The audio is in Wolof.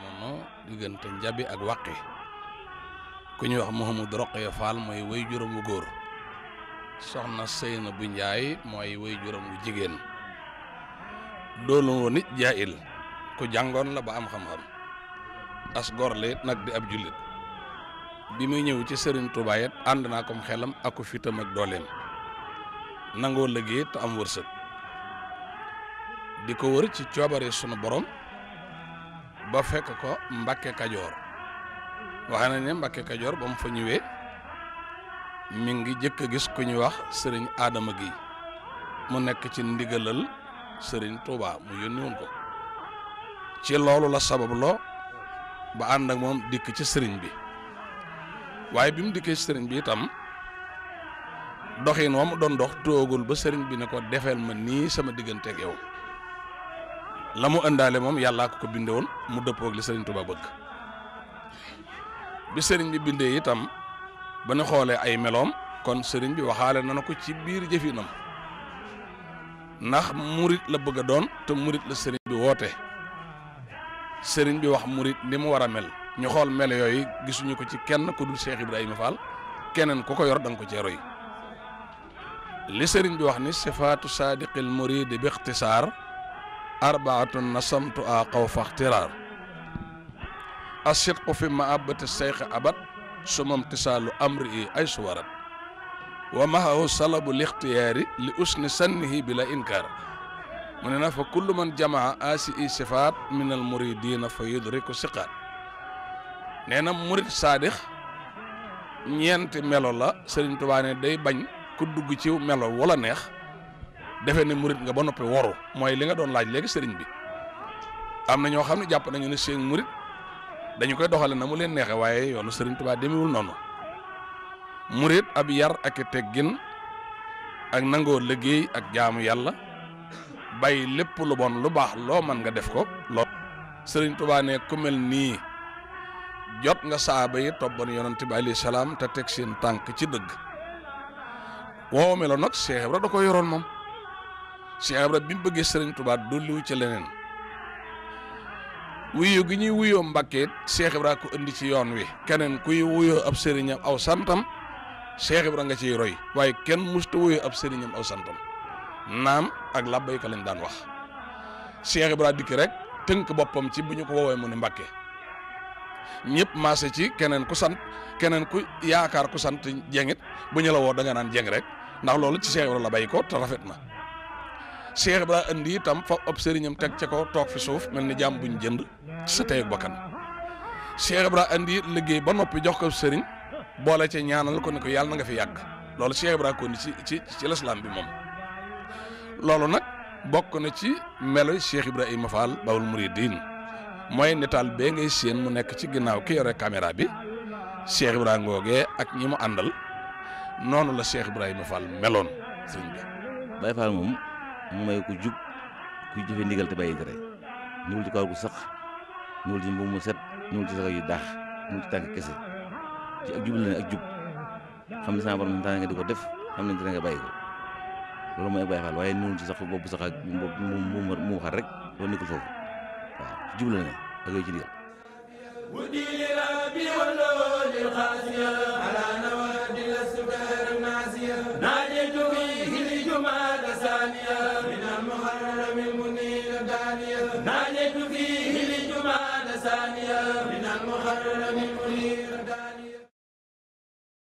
jamono diggante njabi ak wàqi ku ñuy wax Mouhamadou Roqaya Fall mooy way juróom wu góor soxna na bu Njaay mooy way juróom wu jigéen doolu woon nit jaayil ku jàngoon la ba am xam-xam as gorle nag di ab jullit bi muy ñëw ci sëriñ Touba it ànd naa kom xelam aku fitam ak dooleem nangoo liggéey te am wërsëg di ko wër ci coobare sunu borom ba fekk ko mbacke Kajoor wax na ne mbacke Kajoor bam fa ñewé mi ngi jëk gis ku ñu wax serigne Adama gi mu nekk ci ndigalal serigne Touba mu yoni won ko ci loolu la sabab lo ba and ak mom dik ci serigne bi waye bimu mu serigne bi tam, doxin wa mu doon dox togul ba serigne bi ne ko defel ma ni sama digënté ak yow la mu ëndaale moom yàllaa ko ko binde woon mu dëppoog li sëriñ Tuubaa bëgg bi sëriñ bi bindee itam ba nu xoolee ay meloom kon sëriñ bi waxaale na ko ci biir jëfinam ndax murit la bëgg doon te murit la sëriñ bi woote sëriñ bi wax murit ni mu war a mel ñu xool melo yooyu gisuñu ko ci kenn ku dul Cheikh Ibrahima Fall keneen ku ko yor danga ko cee yi li sëriñ bi wax ni sifaatu saadiqil muridi bi ixtisaar arbaatun nasamtu a xaw faxtiraar asidqu fi mahabbati seyxi abad sumam tisaalu amri i ay suwarat wa mahahu salabu lixtiyaari li usni sannihi bila inkaar mu ne na fa kullu man jamaa asi i sifaat min al muridina fa yudriku siqaat nee na murid saadix ñeenti melo la Sëriñ Tuubaa ne day bañ ku dugg ci melo walla neex defe ne murit nga ba noppi woru mooy li nga doon laaj léegi sëriñ bi am na ñoo xam ne jàpp nañu ne seen murit dañu koy doxale na mu leen neexe waaye yoonu sëriñ Tuubaa demewul noonu murit ab yar ak teggin ak nangoo liggéey ak jaamu yàlla bàyyi lépp lu bon lu baax loo man nga def ko lool sëriñ Tuubaa ne ku mel nii jot nga saaba yi tobban yonante bi alayhi salaam te teg seen tànk ci dëgg woow melo nag Cheikh Ibra da ko yoroon moom Cheikh Ibra bi mu bëggee Serigne Touba wu ci lenen wuyu gi ñi wuyoo Mbàkke Cheikh Ibra ko andi ci yoon wi kenen kuy wuyoo ab am aw santam Cheikh Ibra nga ci roy waye kenn musta wuyoo ab am aw santam nam ak ka lañ daan wax Cheikh Ibra dik rek teunk bopam ci buñu ko wowe mu ne ci kenen ku sant kenen ku yaakar ku sant jengit buñu la wo da nga naan jeng rek ndax loolu ci Cheikh Ibra la bayiko ko rafet na Cheikh Ibra andi tam fa op serignam tek ci ko tok fi souf melni jam buñ jënd sa tay ak bakkan Cheikh Ibra andi liggey ba nopi jox ko sëriñ boole ci ñaanal ko ne ko yàlla nga fi yag lolu Cheikh Ibra ko ni ci ci ci l'islam bi mom lolu nak bok na ci melo Cheikh ibrahim Fall bawul Mouridine moy netal be ngay seen mu nek ci ginaaw ki yore caméra bi Cheikh ibrahim ngoogee ak ñi mu àndal la Cheikh ibrahim Fall serign bi bay Fall mom mu may ko jub kuy jëfe ndigal te bàyyi tere ñuul ci kaw gu sax ñuul ci mbuum mu set ñuul ci sax yu daax ñuul ci tànk ci ak jub la ak jub xam ne sama borom daan nga di ko def xam nañ dina nga bàyyi ko loolu mooy bàyyi faal waaye ñuul ci sax boobu sax ak mu mu waxal rek loolu nekkul foofu waaw la ne ak ثانية نعجب فيه لجمعة ثانية من المحرم كل